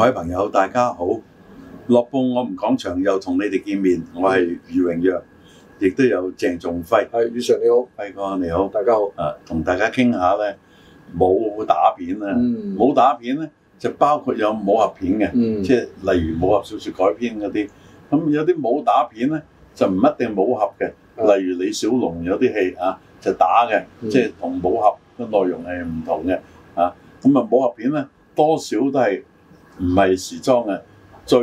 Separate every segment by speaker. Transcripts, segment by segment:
Speaker 1: 各位朋友，大家好！樂報我哋講場，又同你哋見面。我係余榮約，亦都有鄭仲輝。係，余 Sir 你好。係，輝哥你好。大家好。啊，同大家傾下咧，武打片啊，嗯、武打片咧就包括有武俠片嘅，嗯、即係例如武俠小説改編嗰啲。咁有啲武打片咧就唔一定武俠嘅，嗯、例如李小龍有啲戲啊，就打嘅，嗯、即係同武俠嘅內容係唔同嘅。啊，咁啊武俠片咧多少都係。唔係時裝嘅，最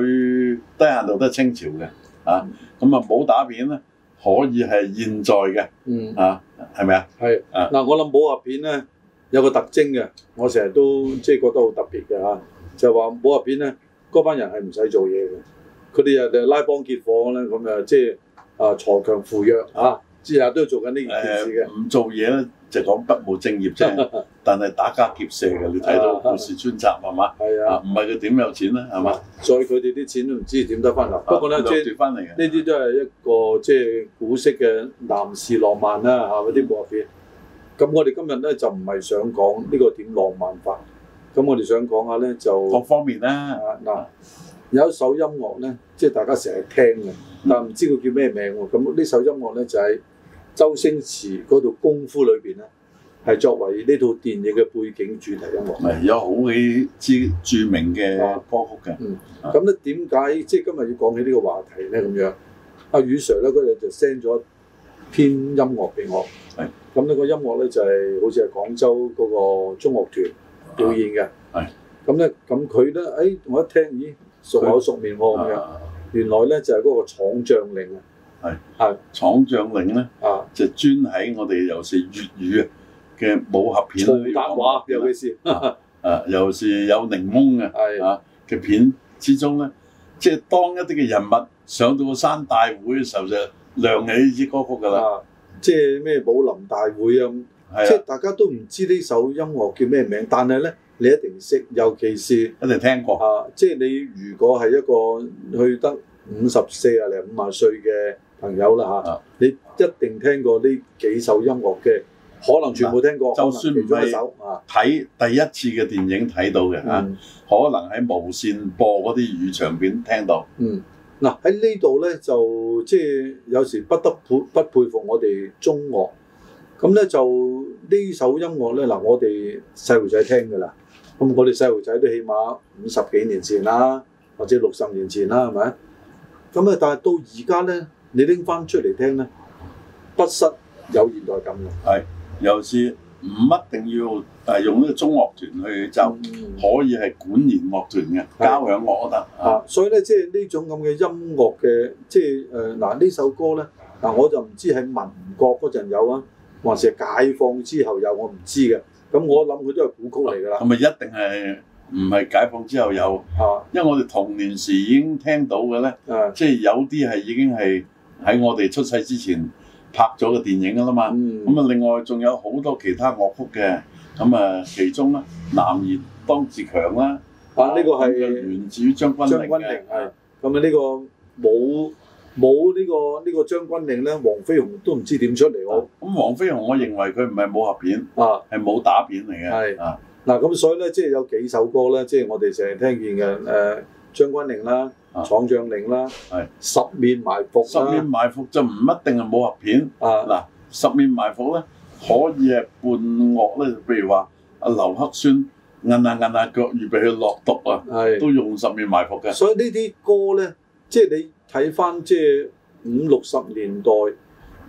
Speaker 1: 低限度都清朝嘅，啊，咁啊武打片咧可以係現在嘅，啊，係咪啊？係，嗱我諗武俠片咧有個特徵嘅，我成日都即係覺得好特別嘅嚇，就話武俠片咧嗰班人係唔使做嘢嘅，佢哋又拉幫結伙咧，咁誒即係啊鋤強扶弱嚇，日日都做緊呢件事嘅，唔、呃、做嘢咧。就講不務正業啫，但係打家劫舍嘅，你睇到故事專集係嘛？係啊，唔係佢點有錢咧，係嘛？所以佢哋啲錢都唔知點得翻嚟。不過咧，即係呢啲都係一個即係古式嘅男士浪漫啦，係咪？嗰啲武打片。咁我哋今日咧就唔係想講呢個點浪漫法，咁我哋想講下咧就各方面啦。嗱，有一首音樂咧，即係大家成日聽嘅，但唔知佢叫咩名喎？咁呢首音樂咧就係。周星馳嗰套功夫裏邊咧，係作為呢套電影嘅背景主題音樂，係有好幾支著名嘅歌曲嘅。嗯，咁咧點解即係今日要講起呢個話題咧？咁樣，阿雨 Sir 咧嗰日就 send 咗篇音樂俾我。係，咁呢個音樂咧就係好似係廣州嗰個中樂團表演嘅。係，咁咧咁佢咧，誒我一聽，咦熟口熟面喎咁樣，原來咧就係嗰個將軍令啊！係廠長嶺咧，就專喺我哋尤其係粵語嘅武俠片去講，尤其係，啊，尤其係有檸檬嘅，啊嘅片，之中咧，即係當一啲嘅人物上到山大會嘅時候，就亮起呢支歌曲噶啦，即係咩武林大會啊，即係大家都唔知呢首音樂叫咩名，但係咧你一定識，尤其係一定聽過啊，即係你如果係一個去得五十四啊零五啊歲嘅。朋友啦嚇，啊、你一定聽過呢幾首音樂嘅，啊、可能全部聽過，就算唔係其中一首睇第一次嘅電影睇到嘅嚇、嗯啊，可能喺無線播嗰啲粵語長片聽到。嗯，嗱、啊、喺呢度咧就即係、就是、有時不得不不佩服我哋中樂咁咧，就呢首音樂咧嗱，我哋細路仔聽㗎啦。咁我哋細路仔都起碼五十幾年前啦，或者六十年前啦，係咪？咁啊，但係到而家咧。你拎翻出嚟聽咧，不失有現代感㗎。係，尤其是唔一定要係用呢個中樂團去就可以係管弦樂團嘅，交響樂都得。啊，所以咧，即係呢種咁嘅音樂嘅，即係誒嗱呢首歌咧，嗱，我就唔知喺民國嗰陣有啊，還是解放之後有，我唔知嘅。咁我諗佢都係古曲嚟㗎啦。係咪一定係唔係解放之後有？啊，因為我哋童年時已經聽到嘅咧，即係有啲係已經係。喺我哋出世之前拍咗個電影㗎啦嘛，咁啊、嗯、另外仲有好多其他樂曲嘅，咁啊其中咧《男兒當自強》啦、啊，啊、這、呢個係源自於將軍《將軍令》嘅，咁啊呢個冇冇呢個呢個《將軍令》咧，《黃飛鴻》都唔知點出嚟喎。咁《黃飛鴻》我認為佢唔係武俠片，啊係武打片嚟嘅。係是啊，嗱咁、啊啊、所以咧，即係有幾首歌咧，即、就、係、是、我哋成日聽見嘅誒《將軍令》啦。闖將令啦，係十面埋伏，十面埋伏就唔一定係武俠片啊。嗱，十面埋伏咧，可以係伴樂咧，譬如話阿劉克宣，硬下硬下腳，預備去落毒啊，係都用十面埋伏嘅。所以呢啲歌咧，即係你睇返即係五六十年代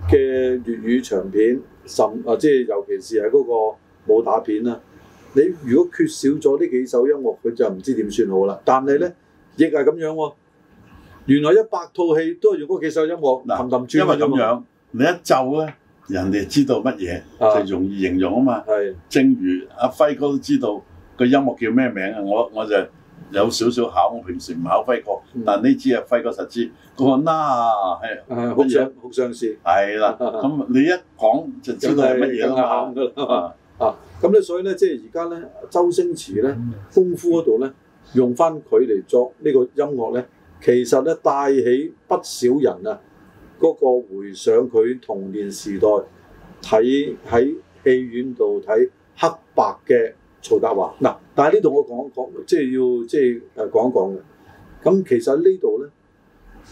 Speaker 1: 嘅粵語長片，甚啊，即係尤其是係嗰個武打片啦。你如果缺少咗呢幾首音樂，佢就唔知點算好啦。但係咧。亦係咁樣喎，原來一百套戲都係用嗰幾首音樂，嗱，因為咁樣，你一奏咧，人哋知道乜嘢，就容易形容啊嘛。係，正如阿輝哥都知道個音樂叫咩名啊，我我就有少少考，我平時唔考輝哥，但呢支啊輝哥實知，佢話嗱好似好相似，係啦。咁你一講就知道係乜嘢啊嘛。啊，咁咧所以咧，即係而家咧，周星馳咧功夫嗰度咧。用翻佢嚟作呢個音樂咧，其實咧帶起不少人啊，嗰個回想佢童年時代睇喺戲院度睇黑白嘅曹達華嗱。但係呢度我講一講，即係要即係誒講一講嘅。咁其實呢度咧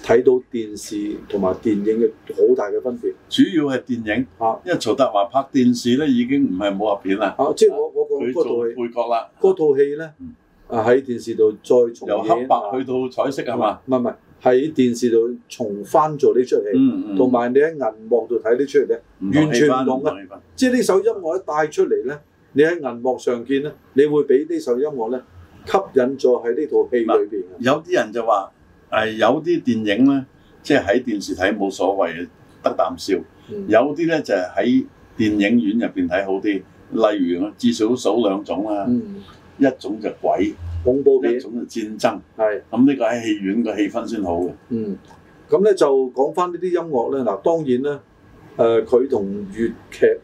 Speaker 1: 睇到電視同埋電影嘅好大嘅分別，主要係電影啊，因為曹達華拍電視咧已經唔係武俠片啦。啊，即係我我個套戲配角啦，套戲咧。啊喺電視度再重演由黑白去到彩色係嘛？唔係唔係，喺電視度重翻做呢出戲，同埋、嗯嗯、你喺銀幕度睇呢出嘢，戲完全唔同嘅。同即係呢首音樂一帶出嚟咧，你喺銀幕上見咧，你會俾呢首音樂咧吸引咗喺呢套戲裏邊、嗯。有啲人就話誒，有啲電影咧，即係喺電視睇冇所謂得啖笑。嗯、有啲咧就係、是、喺電影院入邊睇好啲。例如我至少數兩種啦、啊。嗯一種就鬼恐怖片，一種就戰爭。係咁呢個喺戲院個氣氛先好嘅、嗯。嗯，咁咧就講翻呢啲音樂咧嗱，當然咧誒佢同粵劇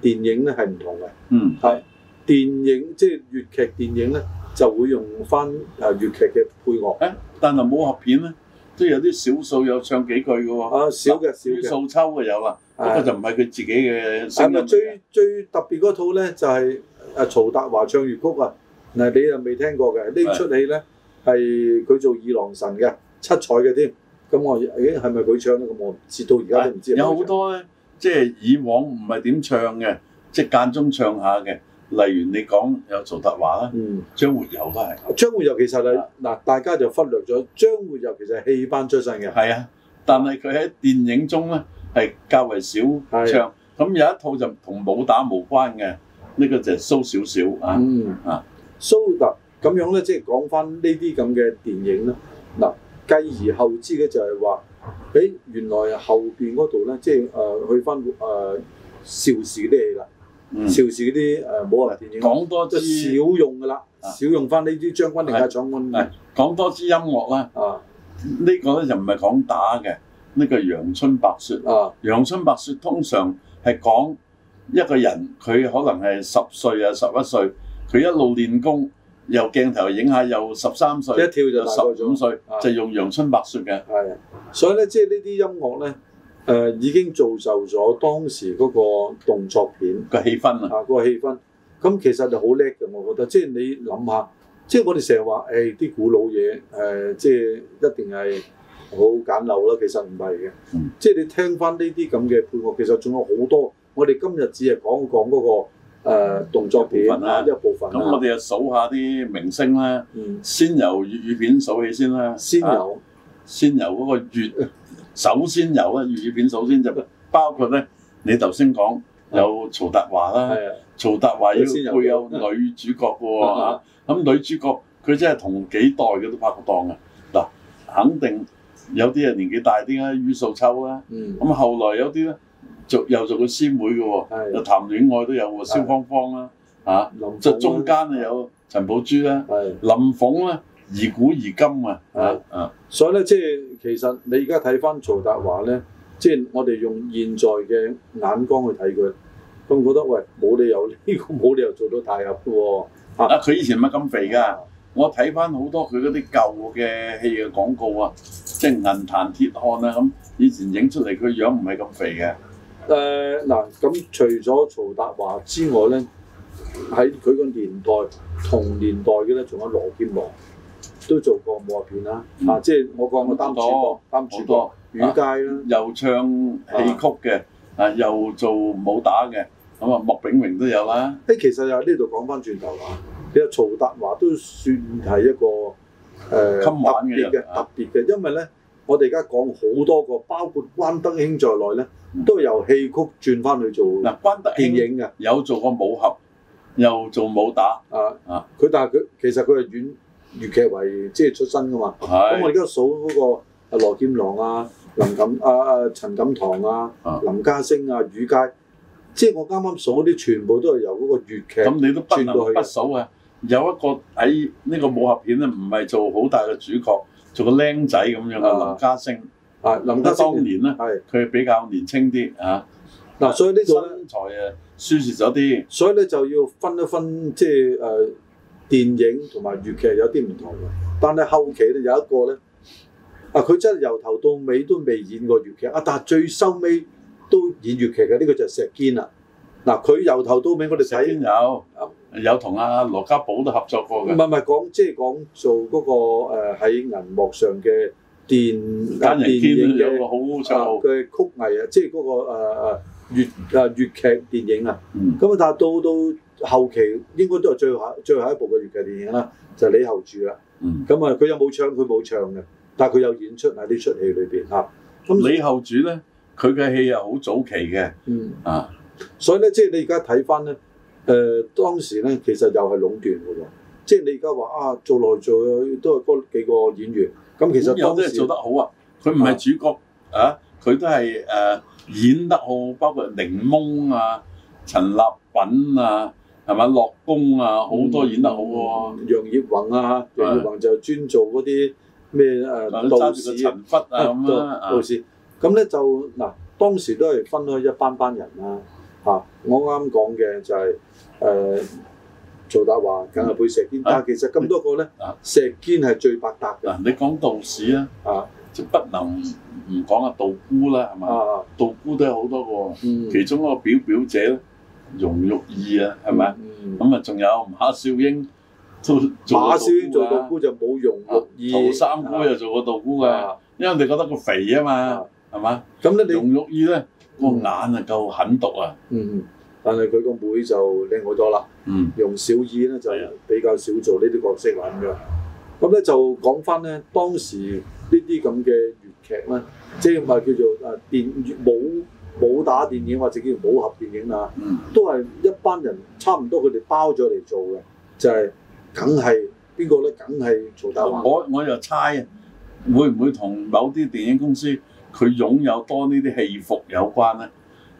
Speaker 1: 電影咧係唔同嘅。嗯，係電影即係、就是、粵劇電影咧就會用翻誒粵劇嘅配樂。誒、欸，但係武俠片咧都有啲少數有唱幾句嘅喎、哦。啊，少嘅少嘅少數秋嘅有啊。啊是，不過就唔係佢自己嘅聲音。咁啊，最最特別嗰套咧就係誒曹達華唱粵曲啊。嗱，你又未聽過嘅呢出戲咧，係佢做二郎神嘅，七彩嘅添。咁我咦係咪佢唱得咁好？至到而家都唔知。有好多咧，即係以往唔係點唱嘅，即係間中唱下嘅。例如你講有曹達華啦，張活游都係。張活游其實啊，嗱，大家就忽略咗張活游其實係戲班出身嘅。係啊，但係佢喺電影中咧係較為少唱。咁有一套就同武打無關嘅，呢、呢個就係蘇小小啊啊。嗯嗯嗯蘇特咁樣咧，即係講翻呢啲咁嘅電影啦。嗱，繼而後之嘅就係話，誒原來後邊嗰度咧，即係誒去翻誒邵氏啲嘢啦。邵氏啲誒武術電影講多啲，少用噶啦，少用翻呢啲將軍令，將軍令啊。講多啲音樂啦。啊，呢個咧就唔係講打嘅，呢個係陽春白雪。啊，陽春白雪通常係講一個人，佢可能係十歲啊十一歲。佢一路練功，由鏡頭影下，又十三歲，一跳就十五歲，就用陽春白雪嘅。係，所以咧，即係呢啲音樂咧，誒已經造就咗當時嗰個動作片嘅氣氛啊，個氣氛。咁其實就好叻嘅，我覺得。即係你諗下，即係我哋成日話，誒啲古老嘢，誒即係一定係好簡陋啦。其實唔係嘅。嗯。即係你聽翻呢啲咁嘅配樂，其實仲有好多。我哋今日只係講講嗰個。誒動作片啊，啦，一部分咁我哋就數下啲明星啦，先由粵語片數起先啦。先有，先由嗰個粵，首先由啦，粵語片首先就包括咧，你頭先講有曹達華啦，曹達華要先會有女主角喎嚇。咁女主角佢真係同幾代嘅都拍過檔嘅。嗱，肯定有啲係年紀大啲啊，于素秋啦。咁後來有啲咧。做又做佢師妹嘅喎、哦，是又談戀愛都有蕭芳芳啦嚇，即係中間啊有陳寶珠啦、啊，是林鳳啦、啊，而古而今啊嚇，是啊所以咧即係其實你而家睇翻曹達華咧，即係我哋用現在嘅眼光去睇佢，咁覺得喂，冇理由呢個冇理由做到大俠嘅喎，啊佢、啊、以前唔係咁肥噶，我睇翻好多佢嗰啲舊嘅戲嘅廣告啊，即係銀壇鐵漢啊咁、嗯，以前影出嚟佢樣唔係咁肥嘅。誒嗱，咁、呃、除咗曹達華之外咧，喺佢個年代同年代嘅咧，仲有羅劍華都做過武俠片啦。嗯、啊，即係我講個擔綱，多擔綱，羽佳啦，又唱戲曲嘅，啊，啊，又做武打嘅。咁啊，麥炳榮都有啦。誒、啊，其實又呢度講翻轉頭啦。其實曹達華都算係一個誒、呃，特別嘅特別嘅，啊、因為咧。我哋而家講好多個，包括關德興在內咧，都由戲曲轉翻去做嗱，關德興電影嘅，有做過武俠，又做武打啊啊！佢、啊、但係佢其實佢係演粵劇為即係出身噶嘛。咁是我而家數嗰個阿羅劍郎啊、林錦、阿阿陳錦棠啊、啊林家聲啊、宇佳，即係我啱啱數嗰啲，全部都係由嗰個粵劇咁你都轉過去啊？有一個喺呢個武俠片咧，唔係做好大嘅主角。做個僆仔咁樣啊，林家聲啊，林家聲當年咧，佢係比較年青啲嚇。嗱、啊，所以呢、呢個身材啊，舒適咗啲。所以咧就要分一分，即係誒電影同埋粵劇有啲唔同嘅。但係後期咧有一個咧，啊佢真係由頭到尾都未演過粵劇啊，但係最收尾都演粵劇嘅呢、呢個就係石堅啦。嗱、啊，佢由頭到尾我哋有。有同阿、啊、羅家寶都合作過嘅，唔係唔係講即係講做嗰、嗰個喺銀幕上嘅電電影有個好嘅曲藝啊，即係嗰個誒誒粵誒粵劇電影啊。咁啊、mm opposite，但係到到後期應該都係最後最後一部嘅粵劇電影啦，就李後主啦。咁啊，佢有冇唱？佢冇唱嘅，但係佢有演出喺呢出戲裏邊嚇。咁李後主咧，佢嘅戲係好早期嘅，啊持人，所以咧即係你而家睇翻咧。誒當時咧，其實又係壟斷嘅喎，即係你而家話啊，做來做去都係嗰幾個演員。咁其實當時有都係做得好啊！佢唔係主角啊，佢都係誒演得好，包括檸檬啊、陳立品啊，係咪？駱恭啊，好多演得好喎。楊業宏啊，楊業宏就專做嗰啲咩誒道士陳筆啊咁啦，道士。咁咧就嗱，當時都係分開一班班人啦。啊！我啱講嘅就係誒，曹達華梗係配石堅，但其實咁多個咧，石堅係最百搭嘅。你講道士啊，啊，即不能唔講阿道姑啦，係咪？啊，道姑都有好多個，其中一個表表姐容玉意啊，係咪？咁啊，仲有馬少英做過，馬少英做道姑就冇容玉意。陶三姑又做過道姑㗎，因為你覺得佢肥啊嘛，係嘛？咁你容玉意咧？個、嗯、眼啊夠狠毒啊！嗯嗯，但係佢個妹就靚好多啦。嗯，容小意咧就比較少做呢啲角色啦，咁，咁咧就講翻咧，當時這這呢啲咁嘅粵劇咧，即係咪叫做啊電武武打電影或者叫武俠電影啊？嗯、都係一班人差唔多佢哋包咗嚟做嘅，就係梗係邊個咧？梗係曹達華。我我又猜啊，會唔會同某啲電影公司？佢擁有多呢啲戲服有關咧，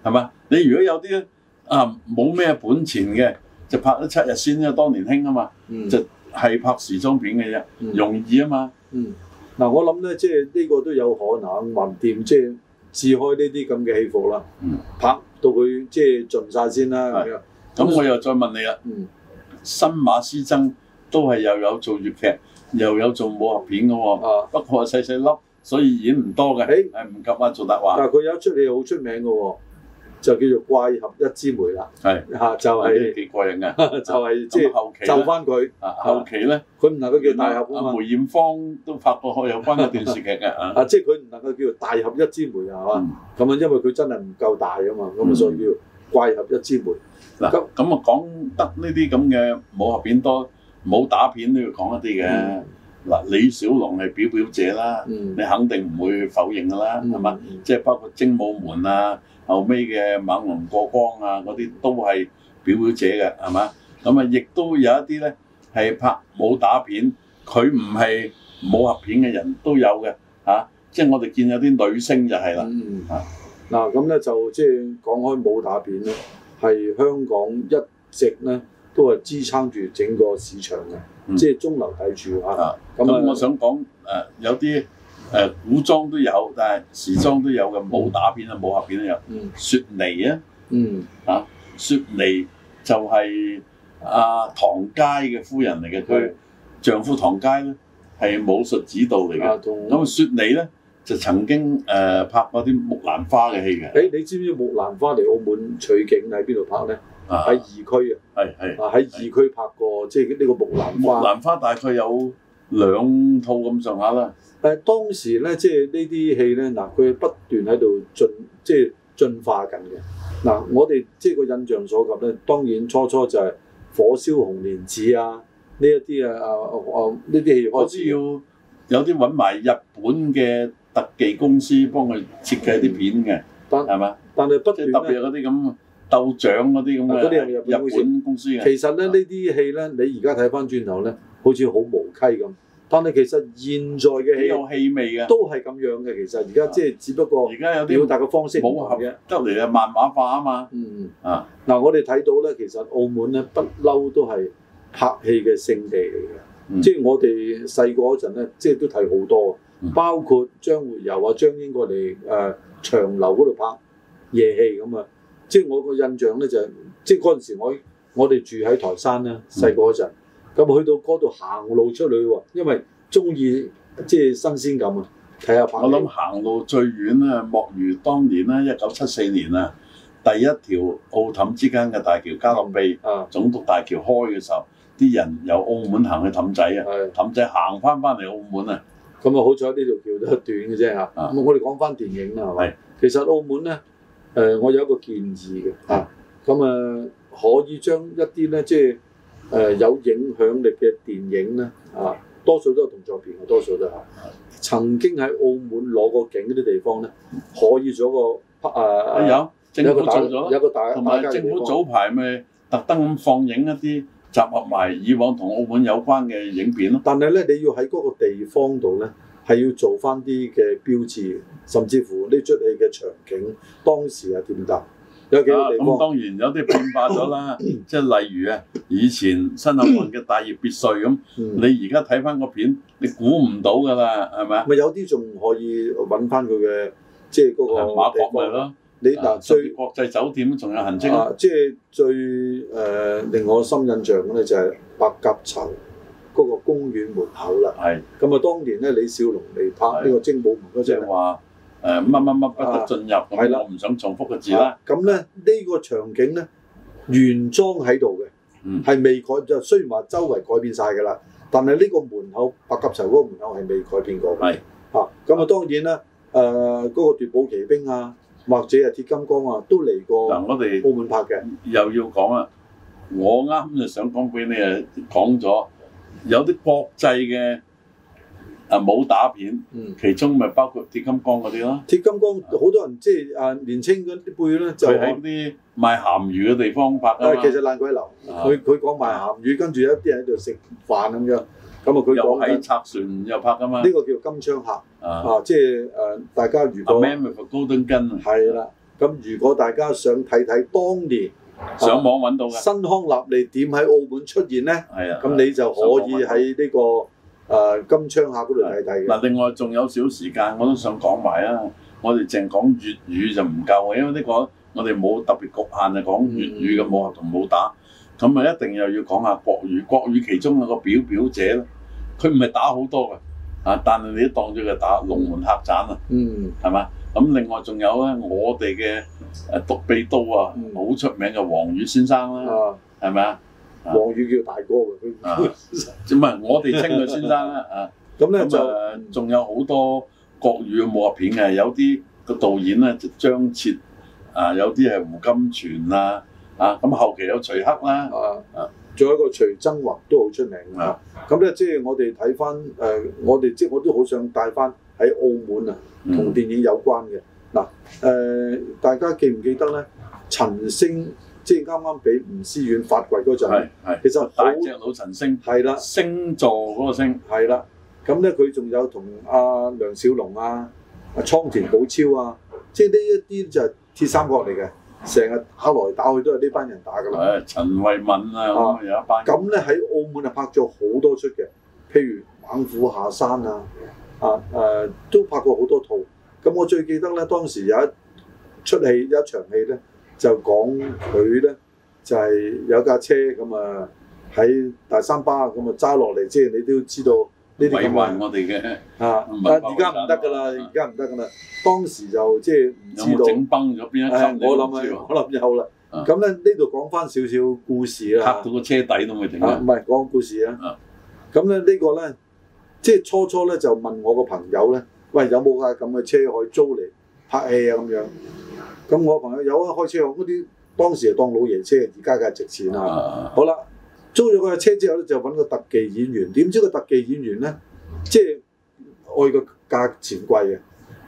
Speaker 1: 係嘛？你如果有啲啊冇咩本錢嘅，就拍咗七日先啦，因為當年興啊嘛，嗯、就係拍時裝片嘅啫，嗯、容易啊嘛。嗱、嗯啊，我諗咧，即係呢個都有可能橫掂，即係置開呢啲咁嘅戲服啦，嗯、拍到佢即係盡晒先啦咁是、就是、我又再問你啊，嗯，新馬師曾都係又有，有，有做粵劇，又有，有，有，有，有做武俠片嘅喎，啊、不過細細粒。所以演唔多嘅，誒唔急啊，做達話。但係佢有一出戲好出名嘅喎，就叫做《怪俠一枝梅》啦。係嚇，就係幾過癮嘅，就係即係後期。就翻佢後期咧，佢唔能夠叫大俠啊嘛。梅艷芳都拍過有關嘅電視劇嘅啊。啊，即係佢唔能夠叫大俠一枝梅啊嘛。咁啊，因為佢真係唔夠大啊嘛。咁所以叫《怪俠一枝梅》。嗱咁咁啊，講得呢啲咁嘅武俠片多，武打片都要講一啲嘅。嗱，李小龍係表表者啦，嗯、你肯定唔會否認㗎啦，係嘛、嗯？吧即係包括精武門啊、後尾嘅猛龍過江啊嗰啲，都係表表者嘅，係嘛？咁啊，亦都有一啲咧係拍武打片，佢唔係武俠片嘅人都有嘅嚇、啊，即係我哋見有啲女星就係、是、啦。嗱、嗯，咁咧、啊、就即係、就是、講開武打片咧，係香港一直咧都係支撐住整個市場嘅。嗯、即係中流砥柱、嗯、啊！咁我想講誒，有啲誒古裝都有，但係時裝都有嘅。武打片啊，武俠片都有。雪妮啊，嗯，嚇，雪妮就係阿、啊、唐佳嘅夫人嚟嘅。佢 Okay. 丈夫唐佳咧係武術指導嚟嘅。咁、啊嗯、雪妮咧就曾經誒、呃、拍過啲木蘭花嘅戲嘅。誒、哎，你知唔知木蘭花嚟澳門取景喺邊度拍咧？喺二區啊，係係，啊喺二區拍過，即係呢個木蘭花、木蘭花大概有兩套咁上下啦。誒當時咧，即係呢啲戲咧，嗱佢不斷喺度進，即係進化緊嘅。嗱，啊，我哋即係個印象所及咧，當然初初就係《火燒紅蓮寺》啊啊啊，呢一啲啊啊啊呢啲戲我知要有啲揾埋日本嘅特技公司幫佢設計啲片嘅，係嘛，嗯？但係咧，不斷特別嗰啲咁。鬥獎嗰啲咁嘅，嗰啲有日本公司嘅。其實咧，呢啲戲咧，你而家睇翻轉頭咧，好似好無稽咁。但係其實現在嘅戲有氣味嘅，都係咁樣嘅。其實而家即係只不過表達嘅方式唔合嘅，得嚟啊，漫畫化啊嘛。嗯啊，嗱，我哋睇到咧，其實澳門咧不嬲都係拍戲嘅勝地嚟嘅。即係我哋細個嗰陣咧，即係都睇好多，包括張活游啊、張英過嚟誒長流嗰度拍夜戲咁啊。即係我個印象咧，就係，就係即係嗰陣時，我我哋住喺台山啦，細個嗰陣，咁、嗯、去到嗰度行路出去喎，因為中意即係新鮮感啊！睇下我諗行路最遠咧，莫如當年咧，一九七四年啊，第一條澳氹之間嘅大橋——嘉樂庇啊，總督大橋開嘅時候，啲人由澳門行去氹仔啊，氹的仔行翻翻嚟澳門啊。咁啊，好彩呢條橋都短嘅啫嚇。咁我哋講翻電影啦，係咪？的其實澳門咧。誒，我有一個建議嘅，啊，咁啊，可以將一啲咧，即係誒有影響力嘅電影咧，啊，多數都係動作片，多數都係、啊，曾經喺澳門攞過景嗰啲地方咧，可以做一個拍誒、啊啊，有一，一個打，有個打，同埋政府早排咪特登咁放映一啲集合埋以往同澳門有關嘅影片咯。但係咧，你要喺嗰個地方度咧。係要做翻啲嘅標誌，甚至乎呢出戲嘅場景當時係點搭？有幾多地方？咁、啊嗯、當然有啲變化咗啦， 即係例如啊，以前新立運嘅大葉別墅咁，嗯、你而家睇翻個片，你估唔到㗎啦，係咪啊？咪有啲仲可以揾翻佢嘅，即係嗰個馬角咪係咯？你嗱最國際酒店仲有痕跡啊？即係最誒、呃、令我深印象嘅咧就係白鴿巢。嗰個公園門口啦，係咁啊！當年咧，李小龍嚟拍呢個精武門嗰陣話，誒乜乜乜不得進入，我唔想重複個字啦。咁咧呢個場景咧原裝喺度嘅，係未改。就雖然話周圍改變曬㗎啦，但係呢個門口白鴿巢嗰個門口係未改變過嘅。係啊，咁啊當然啦，誒嗰個奪寶奇兵啊，或者係鐵金剛啊，都嚟過。嗱，我哋澳門拍嘅又要講啦，我啱就想講俾你誒講咗。有啲國際嘅啊武打片，其中咪包括鐵金剛嗰啲咯。鐵金剛好多人即係啊年青嗰啲輩咧，就喺啲賣鹹魚嘅地方拍㗎嘛。其實《爛鬼流》，佢佢講賣鹹魚，跟住有一啲喺度食飯咁樣。咁啊，佢又喺拆船又拍㗎嘛。呢個叫金槍客啊，即係誒大家如果 A Man with a Golden Gun 啊。係啦，咁如果大家想睇睇當年。上網揾到嘅、啊、新康納利點喺澳門出現咧？係啊的，咁你就可以喺呢、這個誒的、呃、金槍客嗰度睇睇嗱，另外仲有少時間，我都想講埋啊！嗯、我哋淨講粵語就唔夠嘅，因為呢個我哋冇特別局限啊，講粵語嘅武俠同武打，咁咪一定又要講下國語。國語其中有個表表姐咧，佢唔係打好多嘅。啊！但係你都當咗佢打龍門客棧啊，嗯，係嘛？咁另外仲有咧，我哋嘅誒獨臂刀啊，好、嗯、出名嘅王羽先生啦，係咪啊？王羽叫大哥 啊，唔係我哋稱佢先生啦啊！咁咧就仲有好多國語嘅武俠片嘅，有啲個導演咧就張徹啊，有啲係胡金銓啊，啊咁後期有徐克啦啊。 仲有一個徐增宏都好出名㗎，咁咧、嗯啊、即係我哋睇翻誒，我哋即係我都好想帶翻喺澳門啊，同電影有關嘅嗱誒，大家記唔記得咧？陳星即係啱啱俾吳思遠發掘嗰陣，其實好大隻佬陳星係啦，了星座嗰個星係啦，咁咧佢仲有同阿、啊、梁小龍啊、倉、啊、田保昭啊，即係呢一啲就係鐵三角嚟嘅。成日打來打去都係呢班人打㗎啦。誒，陳惠敏啊，啊有一班人。咁咧喺澳門啊拍咗好多出嘅，譬如《猛虎下山》啊，啊誒、啊、都拍過好多套。咁我最記得咧，當時有一出戲，有一場戲咧，就講佢咧就係、是、有架車咁啊喺大三巴咁啊揸落嚟，即係你都知道。呢啲係我哋嘅啊！但而家唔得噶啦，而家唔得噶啦。當時就即係唔知道整崩咗邊一層，我諗啊，可能有啦。咁咧呢度講翻少少故事啦。嚇到個車底都未停。唔係講故事啊。咁咧呢個咧，即係初初咧就問我個朋友咧，喂有冇架咁嘅車可以租嚟拍戲啊咁樣？咁我朋友有啊，開車嗰啲當時係當老爺車，而家梗係值錢啦。好啦。租咗個車之後咧，就揾個特技演員。點知個特技演員咧，即係愛個價錢貴嘅。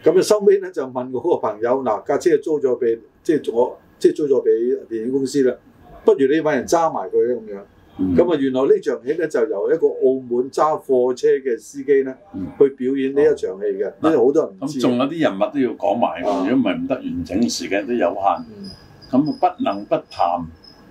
Speaker 1: 咁啊，收尾咧就問我個朋友：嗱，架車租咗俾即係我，即係租咗俾電影公司啦。不如你揾人揸埋佢咁樣。咁啊，原來呢場戲咧就由一個澳門揸貨車嘅司機咧去表演呢一場戲嘅。嗱，好多人。咁仲有啲人物都要講埋如果唔係唔得完整，時間都有限。咁不能不談。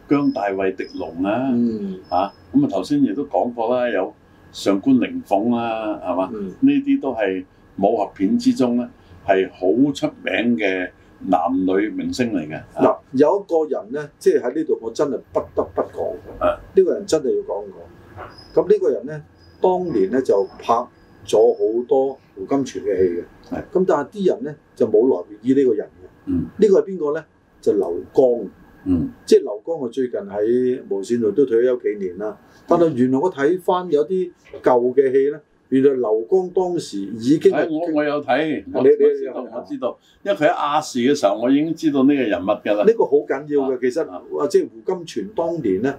Speaker 1: 姜大衛、狄龍、嗯、啊，嚇，咁啊頭先亦都講過啦，有上官靈鳳啊，係嘛？呢啲、嗯、都係武俠片之中咧係好出名嘅男女明星嚟嘅。嗱、啊嗯，有一個人咧，即係喺呢度，我真係不得不講。啊、嗯，呢個人真係要講講。咁呢個人咧，當年咧就拍咗好多胡金銓嘅戲嘅。係、嗯，咁但係啲人咧就冇留意呢個人嘅。嗯，嗯呢個係邊個咧？就劉江。劉嗯，即係劉江我最近喺無線度都退休幾年啦。但係原來我睇翻有啲舊嘅戲咧，原來劉江當時已經，我我有睇，你你我知道，因為佢喺亞視嘅時候，我已經知道呢個人物㗎啦。呢個好緊要嘅，其實即係胡金銓當年咧，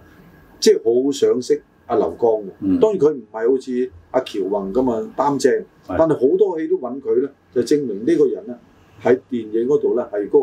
Speaker 1: 即係好賞識阿劉江嘅。當然佢唔係好似阿喬宏咁啊擔正，但係好多戲都揾佢咧，就證明呢個人咧喺電影嗰度咧係嗰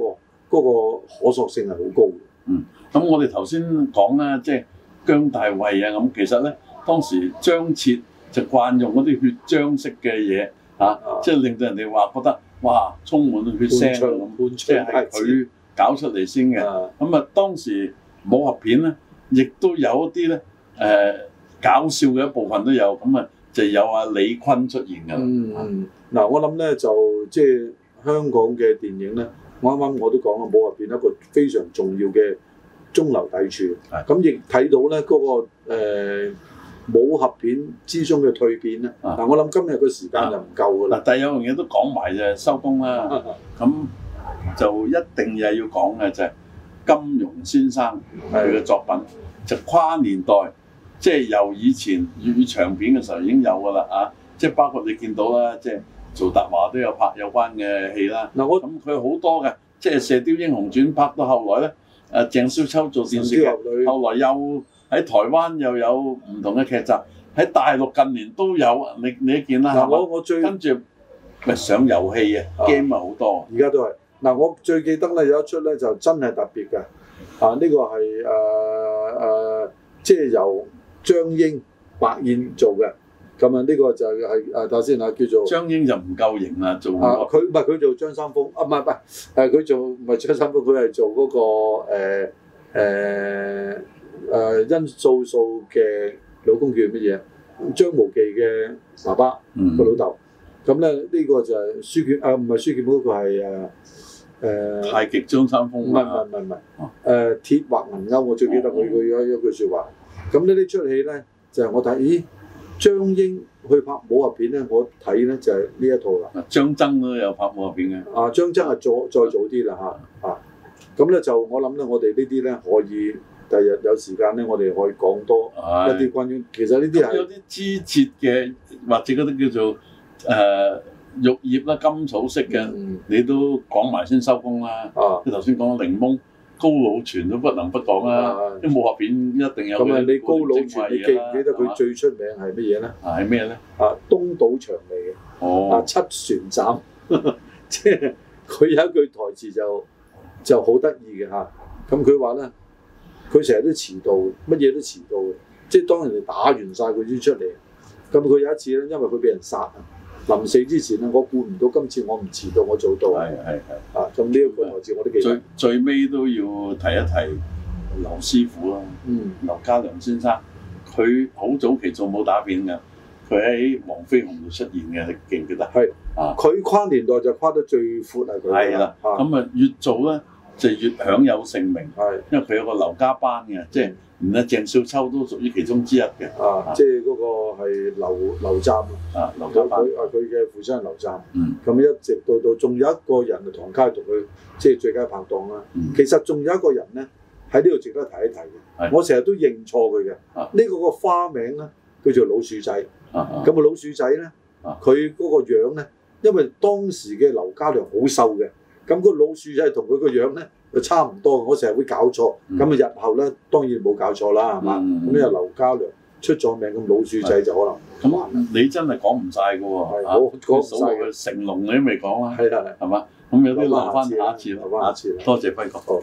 Speaker 1: 個嗰個可塑性係好高。嗯，咁我哋頭先講啦，即、就、係、是、姜大衛啊，咁，其實咧當時張徹就慣用嗰啲血漿式嘅嘢嚇，即係、啊啊就是、令到人哋話覺得哇充滿血腥咁，即係佢搞出嚟先嘅。咁啊，當時武俠片咧，亦都有一啲咧誒搞笑嘅一部分都有，咁、嗯、啊就有阿李坤出現㗎啦。嗱、嗯嗯呃，我諗咧就即係香港嘅電影咧。嗯嗯我啱啱我都講啦，武俠片一個非常重要嘅中流砥柱，咁亦睇到咧嗰、那個誒、呃、武俠片之中嘅蛻變啦。嗱的，我諗今日個時間就唔夠㗎啦。嗱的，第二樣嘢都講埋就收工啦。咁的就一定又要講嘅就係、是、金庸先生佢嘅的作品，就是、跨年代，即、就、係、是、由以前粵語長片嘅時候已經有㗎啦啊！即、就、係、是、包括你見到啦，即、就、係、是。做達華都有拍有關嘅戲啦。嗱，那我諗佢好多嘅，即係《射雕英雄傳》拍到後來咧，阿鄭少秋做少俠。後來又喺台灣又有唔同嘅劇集，喺大陸近年都有，你你都見啦。嗱那我 吧，我我最跟住咪上遊戲啊，game 咪好多，而家都係嗱，我最記得咧有一出咧就真係特別嘅，啊呢、呢個係誒誒，即、呃、係、呃就係、由張瑛白燕做嘅。咁、就是、啊，呢個就係啊，頭先啊，叫做張英就唔夠型啊，做佢唔係佢做張三豐啊，唔係唔係，係佢做唔係張三豐，佢係做嗰、那個誒誒誒，呃呃呃啊、殷素素嘅老公叫乜嘢？張無忌嘅爸爸，個老豆。咁咧呢個就係書卷啊，唔係書卷嗰、啊這個係誒、呃、太極張三豐。唔係唔係唔係，誒鐵畫銀勾，我最記得佢佢有一句説話。咁呢啲出戲咧就是、我睇，咦？咦張瑛去拍武俠片咧，我睇咧就係呢一套啦。張曾都有拍武俠片嘅。啊，張曾係再再早啲啦嚇。啊，咁咧就我諗咧，我哋呢啲咧可以第日有時間咧，我哋可以講多一啲關於、哎、其實呢啲係有啲枝節嘅，或者嗰啲叫做誒玉、呃、葉啦、甘草式嘅，嗯、你都講埋先收工啦。啊，你頭先講到檸檬。高老全都不能不講啊！啲武俠片一定有咁啊，你高老全，你記唔記得佢最出名係乜嘢咧？啊，係咩咧？啊，東島場嚟嘅。哦。啊，七船斬，即係佢有一句台詞就就好得意嘅嚇。咁佢話咧，佢成日都遲到，乜嘢都遲到嘅。即係當人哋打完晒佢先出嚟。咁佢有一次咧，因為佢俾人殺啊。臨死之前咧，我估唔到今次我唔遲到，我做到。係係係。啊，咁呢一個位置我都記得。最最尾都要提一提劉師傅啦，啊，嗯、劉家良先生，佢好早期做武打片㗎，佢喺《黃飛鴻》度出現嘅，勁嘅㗎。係是，佢、啊、跨年代就跨得最闊係佢。係啦的，咁啊越早咧，就越享有盛名，因為佢有個劉家班嘅，即係唔得鄭少秋都屬於其中之一嘅。啊，即係嗰個係劉劉湛啊，劉家班啊，佢嘅父親係劉湛。咁一直到到仲有一個人，唐家同佢即係最佳拍檔啦。其實仲有一個人咧，喺呢度值得提一提嘅。我成日都認錯佢嘅。呢個個花名咧叫做老鼠仔。咁啊老鼠仔咧，佢嗰個樣咧，因為當時嘅劉家良好瘦嘅。咁個老鼠仔同佢個樣咧，就差唔多。我成日會搞錯，咁啊日後咧當然冇搞錯啦，係嘛？咁又劉家良出咗名，咁老鼠仔就可能。咁你真係講唔晒㗎喎。我所謂嘅，成龍你都未講啦，係嘛？咁有啲留翻住下次啦，下次啦。多謝輝哥。